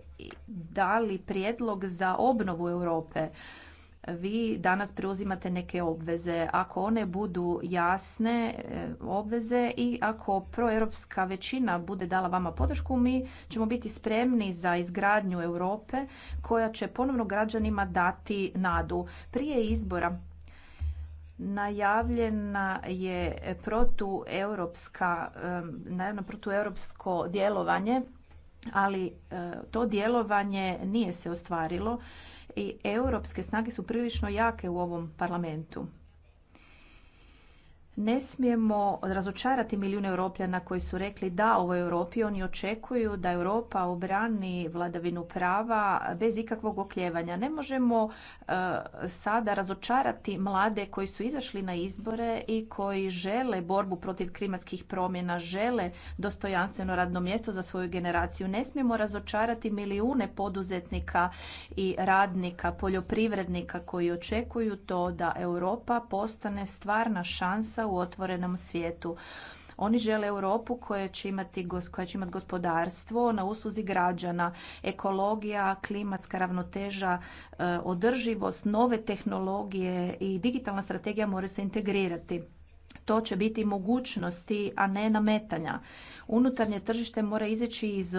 dali prijedlog za obnovu Europe vi danas preuzimate neke obveze. Ako one budu jasne eh, obveze i ako proeuropska većina bude dala vama podršku, mi ćemo biti spremni za izgradnju Europe koja će ponovno građanima dati nadu. Prije izbora najavljena je protueuropska, najavljeno protueuropsko djelovanje, ali eh, to djelovanje nije se ostvarilo i europske snage su prilično jake u ovom parlamentu. Ne smijemo razočarati milijune europljana koji su rekli da ovoj Europi, oni očekuju da Europa obrani vladavinu prava bez ikakvog okljevanja. Ne možemo e, sada razočarati mlade koji su izašli na izbore i koji žele borbu protiv klimatskih promjena, žele dostojanstveno radno mjesto za svoju generaciju. Ne smijemo razočarati milijune poduzetnika i radnika, poljoprivrednika koji očekuju to da Europa postane stvarna šansa u otvorenom svijetu. Oni žele Europu koja će imati, gospodarstvo na usluzi građana, ekologija, klimatska ravnoteža, e, održivost, nove tehnologije i digitalna strategija moraju se integrirati. To će biti mogućnosti, a ne nametanja. Unutarnje tržište mora izaći iz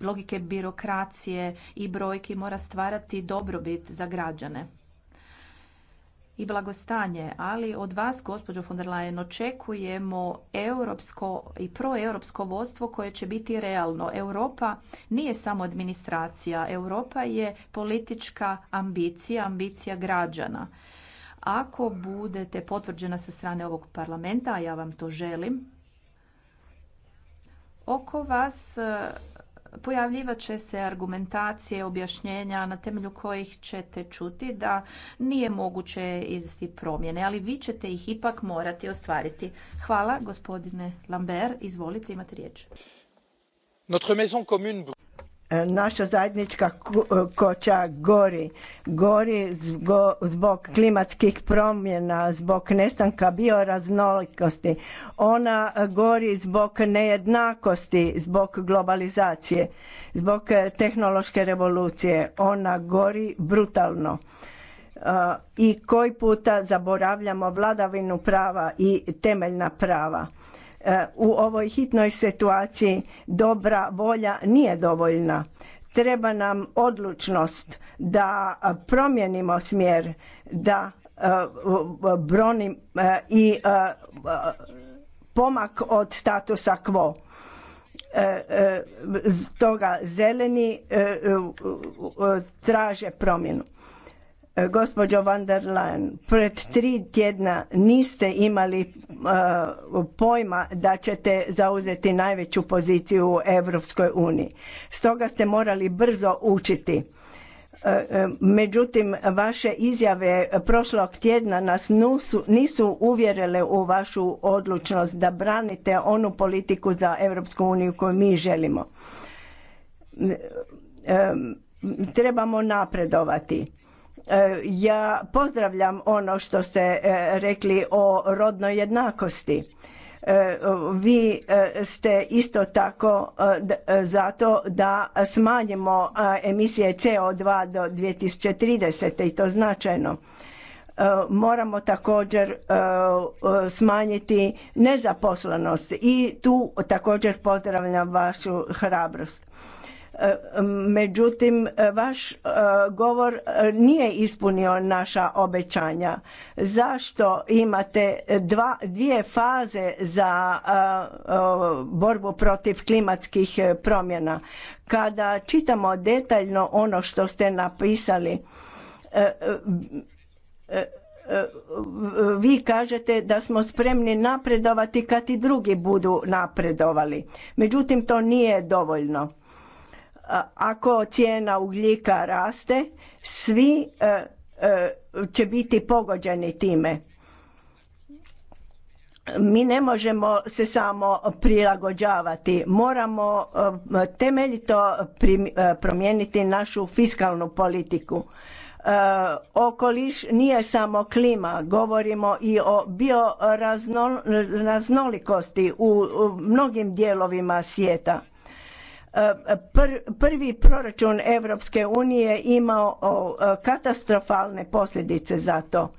logike birokracije i brojki, mora stvarati dobrobit za građane i blagostanje, ali od vas, gospođo von der Leyen, očekujemo europsko i proeuropsko vodstvo koje će biti realno. Europa nije samo administracija, Europa je politička ambicija, ambicija građana. Ako budete potvrđena sa strane ovog parlamenta, a ja vam to želim, oko vas pojavljivat će se argumentacije, objašnjenja na temelju kojih ćete čuti da nije moguće izvesti promjene, ali vi ćete ih ipak morati ostvariti. Hvala, gospodine Lambert. Izvolite, imate riječ. E, naša zajednička e, koća gori. Gori zbog klimatskih promjena, zbog nestanka bioraznolikosti. Ona e, gori zbog nejednakosti, zbog globalizacije, zbog tehnološke revolucije. Ona gori brutalno. I koji puta zaboravljamo vladavinu prava i temeljna prava E, u ovoj hitnoj situaciji dobra volja nije dovoljna. Treba nam odlučnost da promijenimo smjer, da e, bronim e, i pomak od statusa quo. Stoga zeleni traže promjenu. E, gospođo van der Leyen, pred tri tjedna niste imali e, pojma da ćete zauzeti najveću poziciju u Europskoj uniji. Stoga ste morali brzo učiti. E, međutim, vaše izjave prošlog tjedna nas nisu uvjerile u vašu odlučnost da branite onu politiku za Europsku uniju koju mi želimo. trebamo napredovati E, ja pozdravljam ono što ste e, rekli o rodnoj jednakosti. E, vi ste isto tako zato da smanjimo emisije CO2 do 2030. i to značajno. Moramo također smanjiti nezaposlenost i tu također pozdravljam vašu hrabrost Međutim, vaš e, govor e, nije ispunio naša obećanja. Zašto imate dva, dvije faze za e, borbu protiv klimatskih promjena? Kada čitamo detaljno ono što ste napisali, vi kažete da smo spremni napredovati kad i drugi budu napredovali. Međutim, to nije dovoljno ako cijena ugljika raste, svi e, e, će biti pogođeni time. Mi ne možemo se samo prilagođavati, moramo e, temeljito promijeniti našu fiskalnu politiku. Okoliš nije samo klima, govorimo i o bioraznolikosti u mnogim dijelovima svijeta prvi proračun Europske unije imao e, katastrofalne posljedice za to.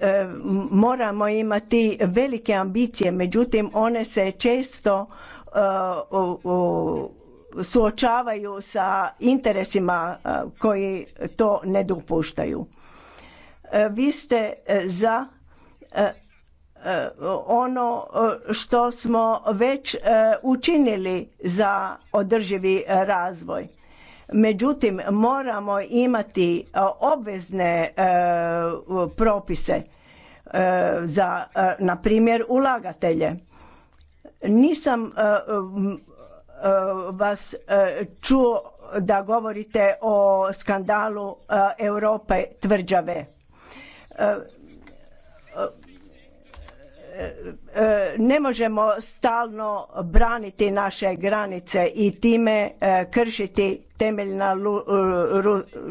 E, moramo imati velike ambicije, međutim one se često e, suočavaju sa interesima koji to ne dopuštaju. Vi ste za Eh, ono eh, što smo već eh, učinili za održivi razvoj. Međutim, moramo imati obvezne propise za, na primjer, ulagatelje. Nisam vas čuo da govorite o skandalu Europe tvrđave E, ne možemo stalno braniti naše granice i time e, kršiti temeljna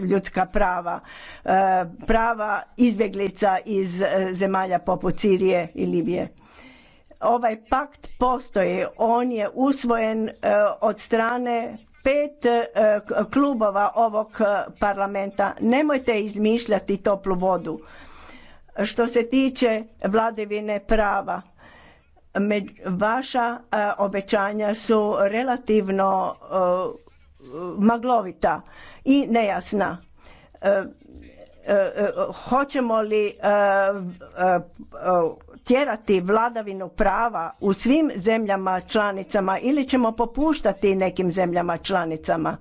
ljudska prava, e, prava izbjeglica iz zemalja poput Sirije i Libije. Ovaj pakt postoji, on je usvojen od strane pet klubova ovog parlamenta. Nemojte izmišljati toplu vodu što se tiče vladevine prava, vaša e, obećanja su relativno e, maglovita i nejasna. E, hoćemo li tjerati vladavinu prava u svim zemljama članicama ili ćemo popuštati nekim zemljama članicama?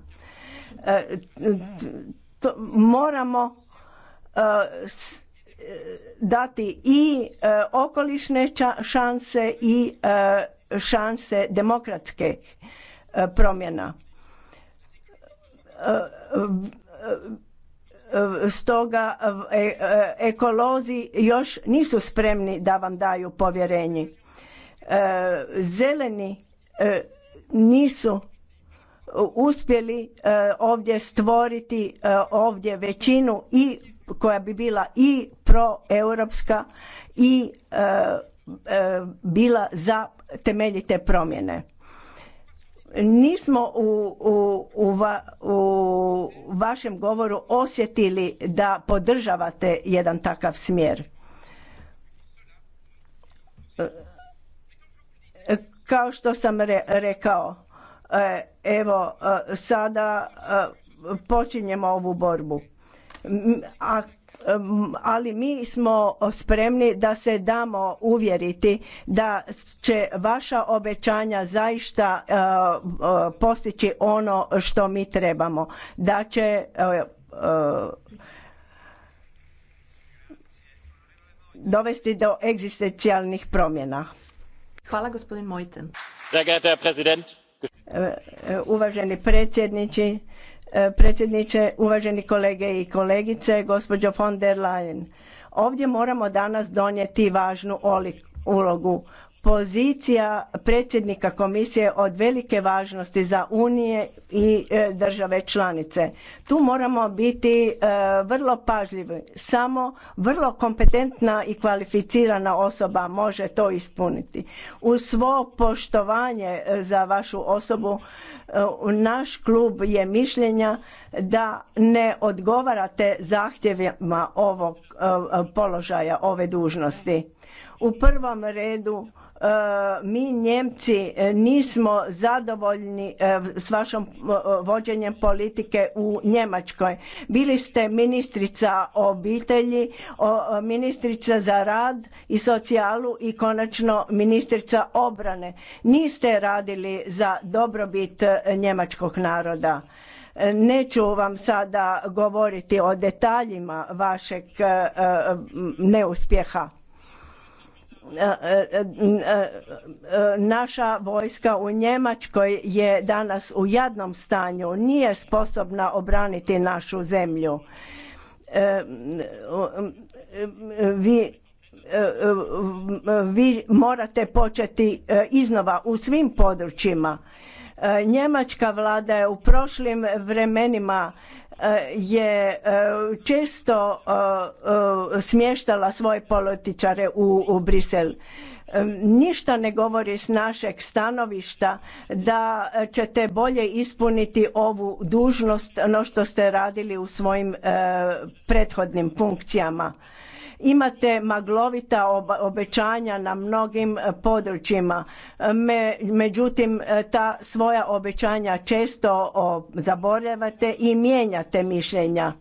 Moramo dati i e, okolišne šanse i e, šanse demokratske e, promjena. Stoga ekolozi još nisu spremni da vam daju povjerenje. Zeleni nisu uspjeli ovdje stvoriti ovdje većinu i koja bi bila i proeuropska i e, e, bila za temeljite promjene nismo u, u, u, vašem govoru osjetili da podržavate jedan takav smjer kao što sam rekao e, evo sada počinjemo ovu borbu a ali mi smo spremni da se damo uvjeriti da će vaša obećanja zaista eh, eh, postići ono što mi trebamo da će eh, dovesti do egzistencijalnih promjena. Hvala gospodin Mojten. Uvaženi predsjedniče, E, predsjedniče, uvaženi kolege i kolegice, gospođo von der Leyen. Ovdje moramo danas donijeti važnu ulogu. Pozicija predsjednika komisije od velike važnosti za unije i e, države članice. Tu moramo biti e, vrlo pažljivi. Samo vrlo kompetentna i kvalificirana osoba može to ispuniti. Uz svo poštovanje e, za vašu osobu, naš klub je mišljenja da ne odgovarate zahtjevima ovog položaja, ove dužnosti. U prvom redu E, mi Njemci e, nismo zadovoljni e, s vašom vođenjem politike u Njemačkoj. Bili ste ministrica obitelji, ministrica za rad i socijalu i konačno ministrica obrane. Niste radili za dobrobit njemačkog naroda. Neću vam sada govoriti o detaljima vašeg neuspjeha naša vojska u Njemačkoj je danas u jadnom stanju, nije sposobna obraniti našu zemlju. Vi vi morate početi e, iznova u svim područjima. E, Njemačka vlada je u prošlim vremenima E, je e, često e, smještala svoje političare u, Brisel. Ništa ne govori s našeg stanovišta da ćete bolje ispuniti ovu dužnost no što ste radili u svojim prethodnim funkcijama. Imate maglovita obećanja na mnogim e, područjima, e, međutim e, ta svoja obećanja često zaboravate i mijenjate mišljenja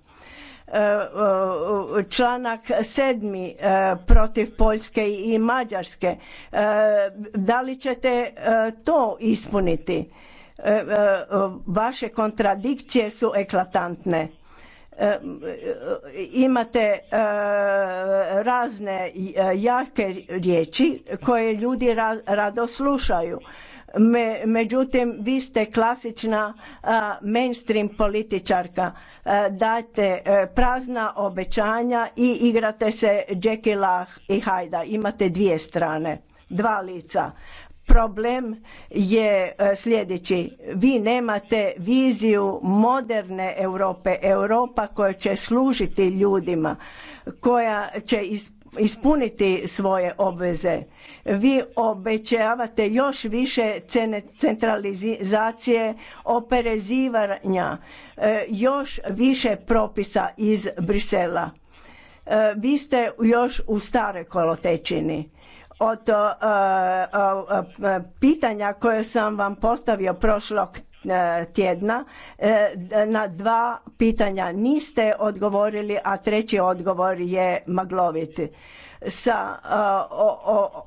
članak sedmi protiv Poljske i Mađarske. Da li ćete to ispuniti? Vaše kontradikcije su eklatantne imate e, razne e, jake riječi koje ljudi rado slušaju. Međutim, vi ste klasična e, mainstream političarka. Dajte prazna obećanja i igrate se Jekylla i Hajda. Imate dvije strane, dva lica problem je e, sljedeći. Vi nemate viziju moderne Europe, Europa koja će služiti ljudima, koja će ispuniti svoje obveze. Vi obećavate još više centralizacije, operezivanja, e, još više propisa iz Brisela. E, vi ste još u stare kolotečini od e, e, e, pitanja koje sam vam postavio prošlog tjedna na dva pitanja niste odgovorili, a treći odgovor je magloviti. Sa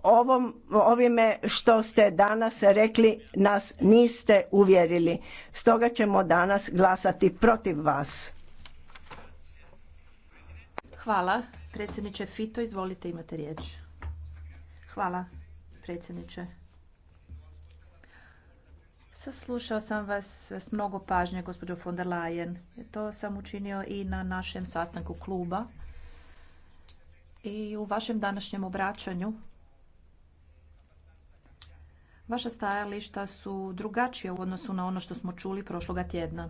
ovom, ovime što ste danas rekli nas niste uvjerili. Stoga ćemo danas glasati protiv vas. Hvala. Predsjedniče Fito, izvolite imate riječ. Hvala, predsjedniče. Saslušao sam vas s mnogo pažnje, gospođo von der Leyen. To sam učinio i na našem sastanku kluba. I u vašem današnjem obraćanju vaša stajališta su drugačija u odnosu na ono što smo čuli prošloga tjedna.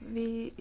Vi